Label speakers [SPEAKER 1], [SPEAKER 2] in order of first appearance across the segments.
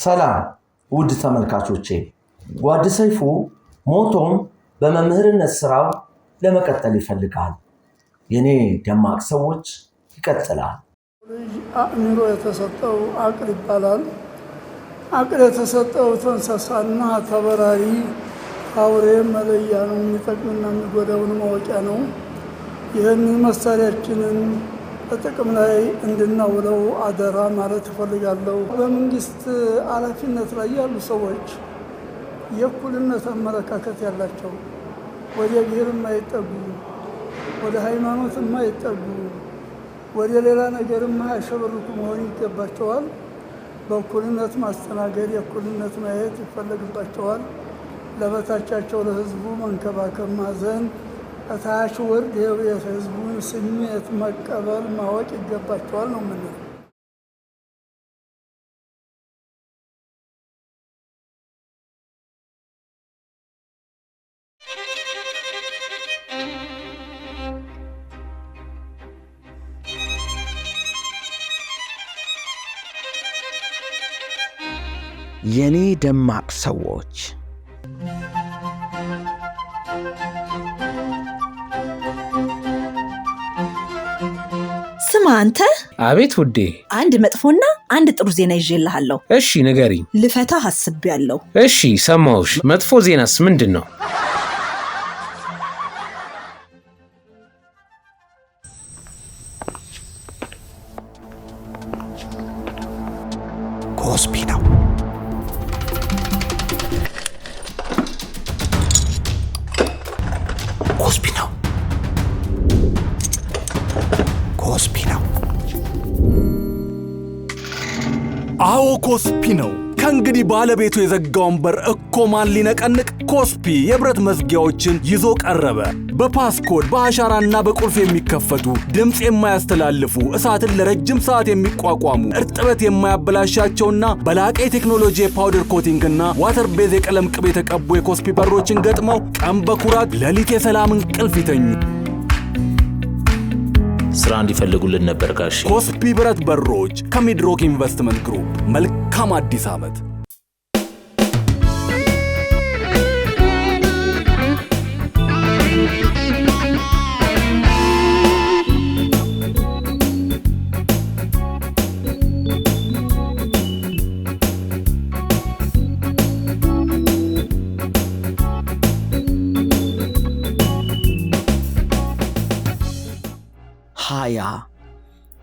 [SPEAKER 1] ሰላም ውድ ተመልካቾቼ፣ ጓድ ሰይፉ ሞቶም በመምህርነት ስራው ለመቀጠል ይፈልጋል። የኔ ደማቅ ሰዎች ይቀጥላል።
[SPEAKER 2] አእምሮ የተሰጠው አቅል ይባላል። አቅል የተሰጠው ተንሰሳና ተበራሪ አውሬ መለያ ነው። የሚጠቅምና የሚጎዳውን ማወቂያ ነው። ይህንን መሳሪያችንን በጥቅም ላይ እንድናውለው አደራ ማለት እፈልጋለሁ። በመንግስት ኃላፊነት ላይ ያሉ ሰዎች የእኩልነት አመለካከት ያላቸው ወደ ብሔር የማይጠጉ ወደ ሃይማኖት የማይጠጉ ወደ ሌላ ነገር የማያሸበርኩ መሆን ይገባቸዋል። በእኩልነት ማስተናገድ፣ የእኩልነት ማየት ይፈለግባቸዋል። ለበታቻቸው ለህዝቡ መንከባከብ፣ ማዘን ከታች ወርድ የህዝቡን ስሜት መቀበል ማወቅ ይገባቸዋል ነው ምንለው።
[SPEAKER 1] የኔ ደማቅ ሰዎች አንተ! አቤት ውዴ።
[SPEAKER 3] አንድ መጥፎና አንድ ጥሩ ዜና ይዤልሃለሁ።
[SPEAKER 1] እሺ ንገሪኝ።
[SPEAKER 3] ልፈታ አስቤያለሁ።
[SPEAKER 1] እሺ ሰማሁሽ። መጥፎ ዜናስ ምንድን ነው?
[SPEAKER 4] አዎ ኮስፒ ነው። ከእንግዲህ ባለቤቱ የዘጋውን በር እኮ ማን ሊነቀንቅ? ኮስፒ የብረት መዝጊያዎችን ይዞ ቀረበ። በፓስኮድ በአሻራና በቁልፍ የሚከፈቱ ድምፅ የማያስተላልፉ እሳትን ለረጅም ሰዓት የሚቋቋሙ እርጥበት የማያበላሻቸውና በላቀ የቴክኖሎጂ የፓውደር ኮቲንግና ዋተር ቤዝ የቀለም ቅብ የተቀቡ የኮስፒ በሮችን ገጥመው ቀን በኩራት ሌሊት የሰላም እንቅልፍ ይተኙ።
[SPEAKER 5] ስራ እንዲፈልጉልን ነበር ጋሽ።
[SPEAKER 4] ኮስፒ ብረት በሮች ከሚድሮክ ኢንቨስትመንት ግሩፕ። መልካም አዲስ ዓመት።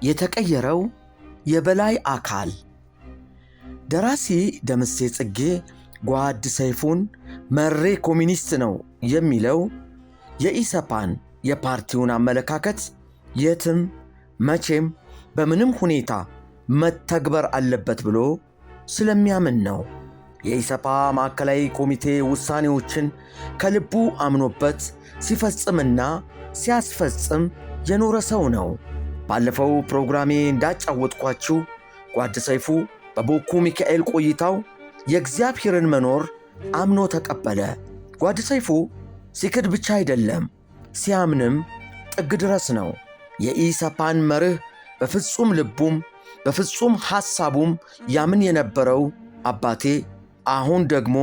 [SPEAKER 1] የተቀየረው የበላይ አካል ደራሲ ደምሴ ጽጌ ጓድ ሰይፉን መሬ ኮሚኒስት ነው የሚለው የኢሰፓን የፓርቲውን አመለካከት የትም መቼም በምንም ሁኔታ መተግበር አለበት ብሎ ስለሚያምን ነው። የኢሰፓ ማዕከላዊ ኮሚቴ ውሳኔዎችን ከልቡ አምኖበት ሲፈጽምና ሲያስፈጽም የኖረ ሰው ነው። ባለፈው ፕሮግራሜ እንዳጫወትኳችሁ ጓድ ሰይፉ በቦኩ ሚካኤል ቆይታው የእግዚአብሔርን መኖር አምኖ ተቀበለ። ጓድ ሰይፉ ሲክድ ብቻ አይደለም፣ ሲያምንም ጥግ ድረስ ነው። የኢሰፓን መርህ በፍጹም ልቡም በፍጹም ሐሳቡም ያምን የነበረው አባቴ አሁን ደግሞ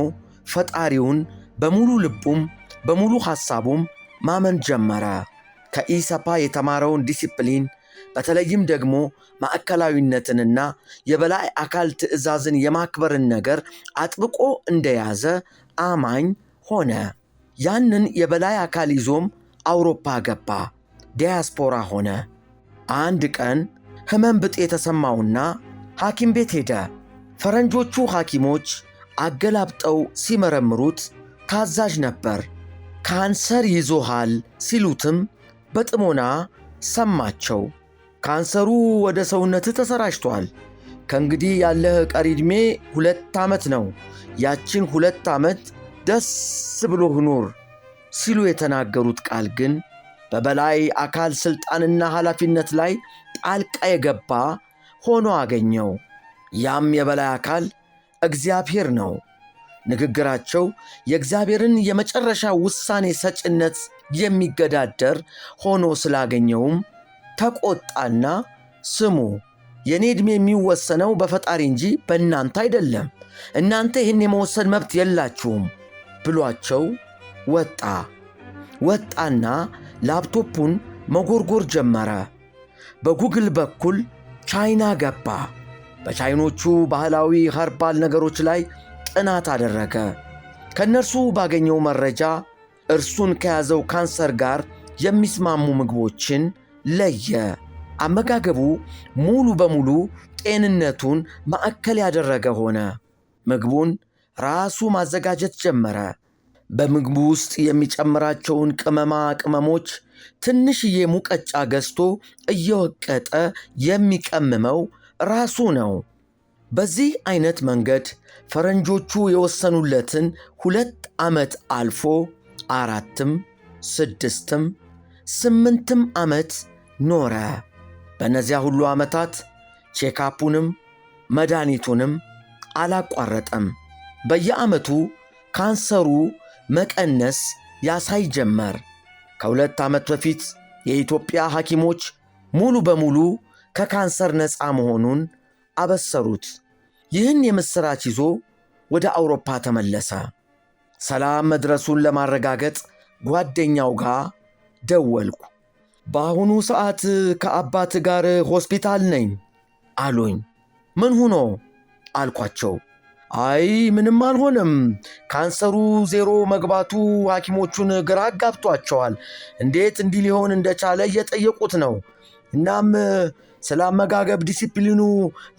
[SPEAKER 1] ፈጣሪውን በሙሉ ልቡም በሙሉ ሐሳቡም ማመን ጀመረ። ከኢሰፓ የተማረውን ዲሲፕሊን በተለይም ደግሞ ማዕከላዊነትንና የበላይ አካል ትእዛዝን የማክበርን ነገር አጥብቆ እንደያዘ አማኝ ሆነ። ያንን የበላይ አካል ይዞም አውሮፓ ገባ፣ ዲያስፖራ ሆነ። አንድ ቀን ሕመም የተሰማውና ሐኪም ቤት ሄደ። ፈረንጆቹ ሐኪሞች አገላብጠው ሲመረምሩት ታዛዥ ነበር። ካንሰር ይዞሃል ሲሉትም በጥሞና ሰማቸው። ካንሰሩ ወደ ሰውነትህ ተሰራጭቷል። ከእንግዲህ ያለህ ቀሪ ዕድሜ ሁለት ዓመት ነው። ያችን ሁለት ዓመት ደስ ብሎህ ኑር ሲሉ የተናገሩት ቃል ግን በበላይ አካል ሥልጣንና ኃላፊነት ላይ ጣልቃ የገባ ሆኖ አገኘው። ያም የበላይ አካል እግዚአብሔር ነው። ንግግራቸው የእግዚአብሔርን የመጨረሻ ውሳኔ ሰጭነት የሚገዳደር ሆኖ ስላገኘውም ተቆጣና ስሙ የእኔ ዕድሜ የሚወሰነው በፈጣሪ እንጂ በእናንተ አይደለም፣ እናንተ ይህን የመወሰን መብት የላችሁም ብሏቸው ወጣ። ወጣና ላፕቶፑን መጎርጎር ጀመረ። በጉግል በኩል ቻይና ገባ። በቻይኖቹ ባህላዊ ኸርባል ነገሮች ላይ ጥናት አደረገ። ከእነርሱ ባገኘው መረጃ እርሱን ከያዘው ካንሰር ጋር የሚስማሙ ምግቦችን ለየ። አመጋገቡ ሙሉ በሙሉ ጤንነቱን ማዕከል ያደረገ ሆነ። ምግቡን ራሱ ማዘጋጀት ጀመረ። በምግቡ ውስጥ የሚጨምራቸውን ቅመማ ቅመሞች ትንሽዬ ሙቀጫ ገዝቶ እየወቀጠ የሚቀምመው ራሱ ነው። በዚህ አይነት መንገድ ፈረንጆቹ የወሰኑለትን ሁለት ዓመት አልፎ አራትም ስድስትም ስምንትም ዓመት ኖረ። በእነዚያ ሁሉ ዓመታት ቼካፑንም መድኃኒቱንም አላቋረጠም። በየዓመቱ ካንሰሩ መቀነስ ያሳይ ጀመር። ከሁለት ዓመት በፊት የኢትዮጵያ ሐኪሞች ሙሉ በሙሉ ከካንሰር ነፃ መሆኑን አበሰሩት። ይህን የምሥራች ይዞ ወደ አውሮፓ ተመለሰ። ሰላም መድረሱን ለማረጋገጥ ጓደኛው ጋር ደወልኩ። በአሁኑ ሰዓት ከአባት ጋር ሆስፒታል ነኝ አሉኝ። ምን ሆኖ አልኳቸው።
[SPEAKER 6] አይ ምንም አልሆነም። ካንሰሩ ዜሮ መግባቱ ሐኪሞቹን ግራ አጋብቷቸዋል። እንዴት እንዲህ ሊሆን እንደቻለ እየጠየቁት ነው። እናም ስለ አመጋገብ ዲሲፕሊኑ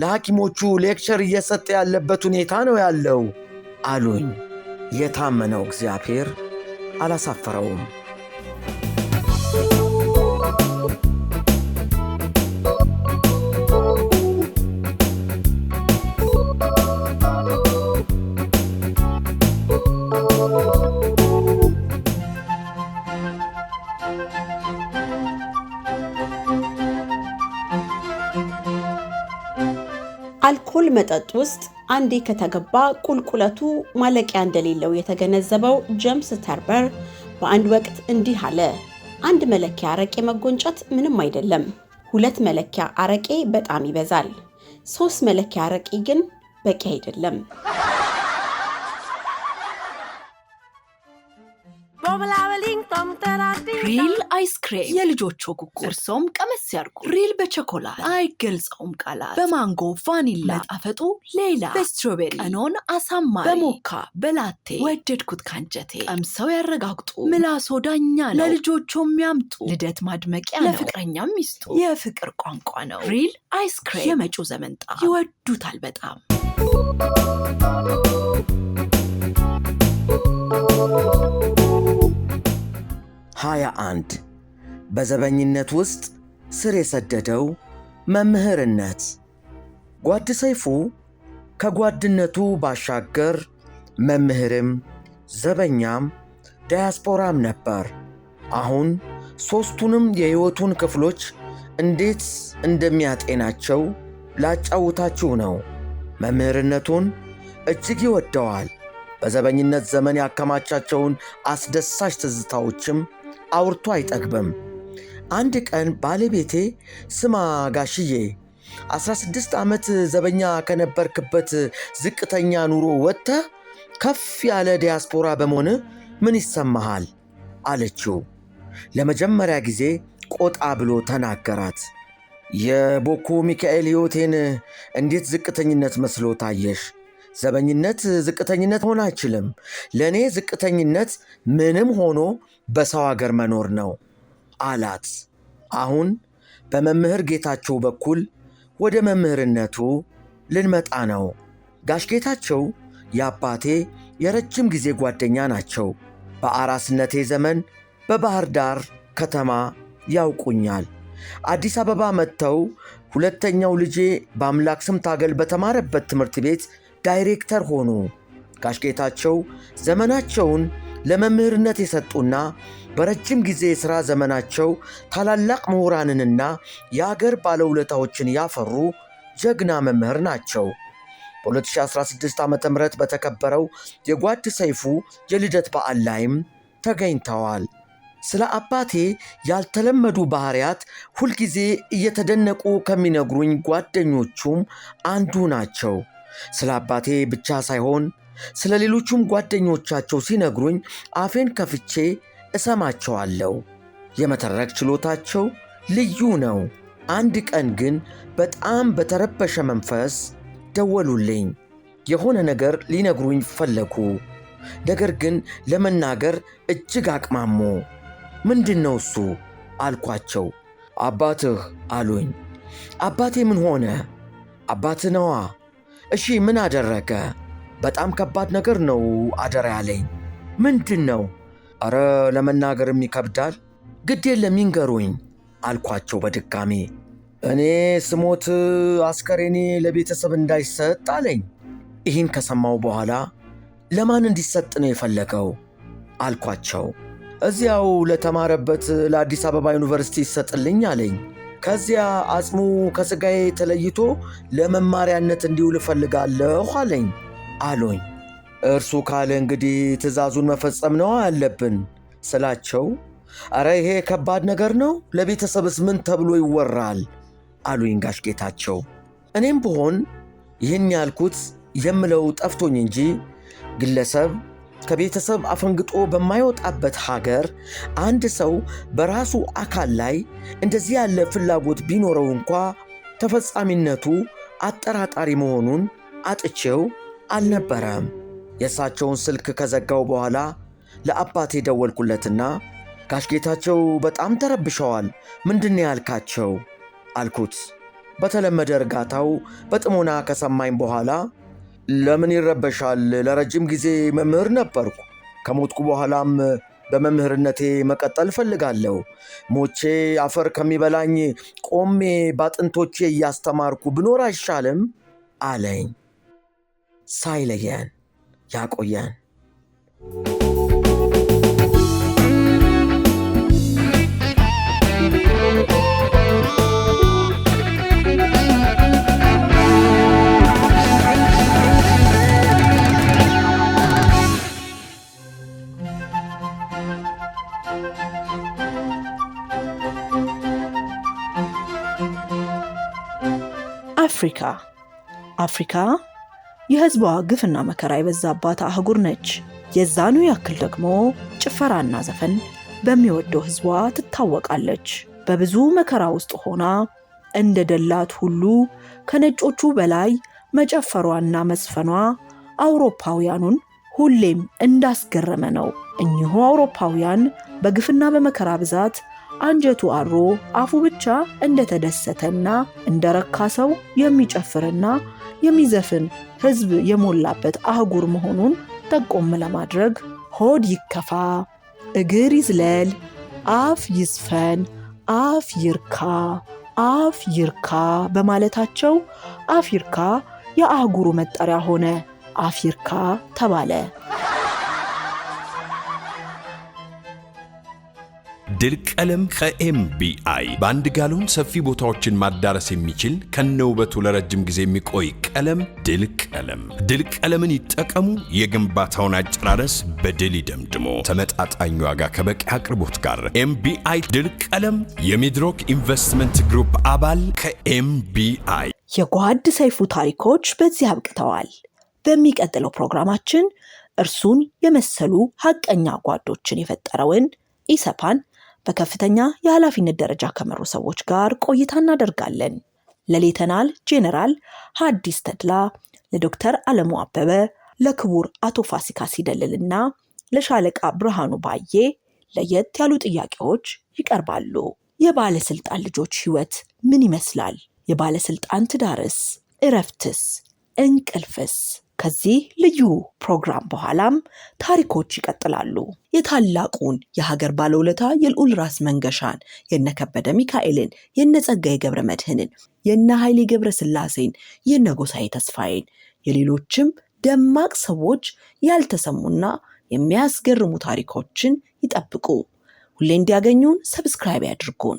[SPEAKER 6] ለሐኪሞቹ ሌክቸር እየሰጠ ያለበት ሁኔታ ነው ያለው
[SPEAKER 1] አሉኝ። የታመነው እግዚአብሔር አላሳፈረውም።
[SPEAKER 3] አልኮል መጠጥ ውስጥ አንዴ ከተገባ ቁልቁለቱ ማለቂያ እንደሌለው የተገነዘበው ጀምስ ተርበር በአንድ ወቅት እንዲህ አለ። አንድ መለኪያ አረቄ መጎንጨት ምንም አይደለም። ሁለት መለኪያ አረቄ በጣም ይበዛል። ሶስት መለኪያ አረቄ ግን በቂ አይደለም።
[SPEAKER 7] ሪል አይስክሬም
[SPEAKER 8] የልጆቹ ጉጉ፣
[SPEAKER 7] እርሶም ቀመስ ያርጉ።
[SPEAKER 8] ሪል በቸኮላት
[SPEAKER 7] አይገልጸውም ቃላት፣
[SPEAKER 8] በማንጎ ቫኒላ
[SPEAKER 7] ጣፈጡ ሌላ፣ በስትሮቤሪ ቀኖን አሳማሪ፣
[SPEAKER 8] በሞካ በላቴ
[SPEAKER 7] ወደድኩት ካንጀቴ።
[SPEAKER 8] ቀምሰው ያረጋግጡ፣
[SPEAKER 7] ምላሶ ዳኛ
[SPEAKER 8] ነው። ለልጆቹ የሚያምጡ
[SPEAKER 7] ልደት ማድመቂያ ነው፣
[SPEAKER 8] ለፍቅረኛም ሚስጡ
[SPEAKER 7] የፍቅር ቋንቋ ነው።
[SPEAKER 8] ሪል አይስክሬም
[SPEAKER 7] የመጪው ዘመንጣ
[SPEAKER 8] ይወዱታል በጣም።
[SPEAKER 1] 21 በዘበኝነት ውስጥ ስር የሰደደው መምህርነት ጓድ ሰይፉ ከጓድነቱ ባሻገር መምህርም ዘበኛም ዳያስፖራም ነበር። አሁን ሦስቱንም የሕይወቱን ክፍሎች እንዴት እንደሚያጤናቸው ላጫውታችሁ ነው። መምህርነቱን እጅግ ይወደዋል። በዘበኝነት ዘመን ያከማቻቸውን አስደሳች ትዝታዎችም አውርቶ አይጠግብም። አንድ ቀን ባለቤቴ ስማ ጋሽዬ 16 ዓመት ዘበኛ ከነበርክበት ዝቅተኛ ኑሮ ወጥተህ ከፍ ያለ ዲያስፖራ በመሆን ምን ይሰማሃል? አለችው። ለመጀመሪያ ጊዜ ቆጣ ብሎ ተናገራት። የቦኮ ሚካኤል ሕይወቴን እንዴት ዝቅተኝነት መስሎ ታየሽ? ዘበኝነት ዝቅተኝነት ሆነ አይችልም። ለእኔ ዝቅተኝነት ምንም ሆኖ በሰው ሀገር መኖር ነው አላት። አሁን በመምህር ጌታቸው በኩል ወደ መምህርነቱ ልንመጣ ነው። ጋሽ ጌታቸው የአባቴ የረጅም ጊዜ ጓደኛ ናቸው። በአራስነቴ ዘመን በባህር ዳር ከተማ ያውቁኛል። አዲስ አበባ መጥተው ሁለተኛው ልጄ በአምላክ ስም ታገል በተማረበት ትምህርት ቤት ዳይሬክተር ሆኑ። ጋሽ ጌታቸው ዘመናቸውን ለመምህርነት የሰጡና በረጅም ጊዜ የሥራ ዘመናቸው ታላላቅ ምሁራንንና የአገር ባለውለታዎችን ያፈሩ ጀግና መምህር ናቸው። በ2016 ዓ ም በተከበረው የጓድ ሰይፉ የልደት በዓል ላይም ተገኝተዋል። ስለ አባቴ ያልተለመዱ ባህሪያት ሁልጊዜ እየተደነቁ ከሚነግሩኝ ጓደኞቹም አንዱ ናቸው። ስለ አባቴ ብቻ ሳይሆን ስለ ሌሎቹም ጓደኞቻቸው ሲነግሩኝ አፌን ከፍቼ እሰማቸዋለሁ። የመተረክ ችሎታቸው ልዩ ነው። አንድ ቀን ግን በጣም በተረበሸ መንፈስ ደወሉልኝ። የሆነ ነገር ሊነግሩኝ ፈለጉ። ነገር ግን ለመናገር እጅግ አቅማሙ። ምንድን ነው እሱ አልኳቸው። አባትህ አሉኝ። አባቴ ምን ሆነ? አባት ነዋ። እሺ ምን አደረገ? በጣም ከባድ ነገር ነው አደራ ያለኝ። ምንድን ነው? አረ ለመናገርም ይከብዳል። ግድ የለም ይንገሩኝ አልኳቸው በድጋሜ። እኔ ስሞት አስከሬኔ ለቤተሰብ እንዳይሰጥ አለኝ። ይህን ከሰማው በኋላ ለማን እንዲሰጥ ነው የፈለገው አልኳቸው። እዚያው ለተማረበት ለአዲስ አበባ ዩኒቨርሲቲ ይሰጥልኝ አለኝ። ከዚያ አጽሙ ከሥጋዬ ተለይቶ ለመማሪያነት እንዲውል እፈልጋለሁ አለኝ። አሉኝ። እርሱ ካለ እንግዲህ ትእዛዙን መፈጸም ነው አለብን ስላቸው፣ አረ ይሄ ከባድ ነገር ነው፣ ለቤተሰብስ ምን ተብሎ ይወራል አሉኝ ጋሽ ጌታቸው። እኔም ብሆን ይህን ያልኩት የምለው ጠፍቶኝ እንጂ ግለሰብ ከቤተሰብ አፈንግጦ በማይወጣበት ሀገር አንድ ሰው በራሱ አካል ላይ እንደዚህ ያለ ፍላጎት ቢኖረው እንኳ ተፈጻሚነቱ አጠራጣሪ መሆኑን አጥቼው አልነበረም። የእሳቸውን ስልክ ከዘጋው በኋላ ለአባቴ ደወልኩለትና ጋሽ ጌታቸው በጣም ተረብሸዋል፣ ምንድን ያልካቸው አልኩት። በተለመደ እርጋታው በጥሞና ከሰማኝ በኋላ ለምን ይረበሻል? ለረጅም ጊዜ መምህር ነበርኩ። ከሞትኩ በኋላም በመምህርነቴ መቀጠል እፈልጋለሁ። ሞቼ አፈር ከሚበላኝ ቆሜ ባጥንቶቼ እያስተማርኩ ብኖር አይሻልም? አለኝ። ሳይለየን ያቆየን።
[SPEAKER 9] አፍሪካ አፍሪካ የህዝቧ ግፍና መከራ የበዛባት አህጉር ነች። የዛኑ ያክል ደግሞ ጭፈራና ዘፈን በሚወደው ህዝቧ ትታወቃለች። በብዙ መከራ ውስጥ ሆና እንደ ደላት ሁሉ ከነጮቹ በላይ መጨፈሯና መዝፈኗ አውሮፓውያኑን ሁሌም እንዳስገረመ ነው። እኚሁ አውሮፓውያን በግፍና በመከራ ብዛት አንጀቱ አሮ አፉ ብቻ እንደተደሰተና እንደረካ ሰው የሚጨፍርና የሚዘፍን ሕዝብ የሞላበት አህጉር መሆኑን ጠቆም ለማድረግ ሆድ ይከፋ፣ እግር ይዝለል፣ አፍ ይዝፈን፣ አፍ ይርካ፣ አፍ ይርካ በማለታቸው አፍ ይርካ የአህጉሩ መጠሪያ ሆነ፣ አፍሪካ ተባለ።
[SPEAKER 10] ድል ቀለም ከኤምቢአይ በአንድ ጋሎን ሰፊ ቦታዎችን ማዳረስ የሚችል ከነውበቱ ለረጅም ጊዜ የሚቆይ ቀለም ድል ቀለም። ድል ቀለምን ይጠቀሙ። የግንባታውን አጨራረስ በድል ይደምድሞ። ተመጣጣኝ ዋጋ ከበቂ አቅርቦት ጋር ኤምቢአይ ድል ቀለም የሚድሮክ ኢንቨስትመንት ግሩፕ አባል ከኤምቢአይ።
[SPEAKER 3] የጓድ ሰይፉ ታሪኮች በዚህ አብቅተዋል። በሚቀጥለው ፕሮግራማችን እርሱን የመሰሉ ሀቀኛ ጓዶችን የፈጠረውን ኢሰፓን በከፍተኛ የኃላፊነት ደረጃ ከመሩ ሰዎች ጋር ቆይታ እናደርጋለን። ለሌተናል ጄኔራል ሀዲስ ተድላ፣ ለዶክተር አለሙ አበበ፣ ለክቡር አቶ ፋሲካ ሲደልል እና ለሻለቃ ብርሃኑ ባዬ ለየት ያሉ ጥያቄዎች ይቀርባሉ። የባለስልጣን ልጆች ህይወት ምን ይመስላል? የባለስልጣን ትዳርስ? እረፍትስ? እንቅልፍስ? ከዚህ ልዩ ፕሮግራም በኋላም ታሪኮች ይቀጥላሉ። የታላቁን የሀገር ባለውለታ የልዑል ራስ መንገሻን፣ የነከበደ ሚካኤልን፣ የነጸጋዬ ገብረ መድህንን፣ የነ ኃይሌ ገብረ የነ የነጎሳዬ ተስፋዬን፣ የሌሎችም ደማቅ ሰዎች ያልተሰሙና የሚያስገርሙ ታሪኮችን ይጠብቁ። ሁሌ እንዲያገኙን ሰብስክራይብ ያድርጉን።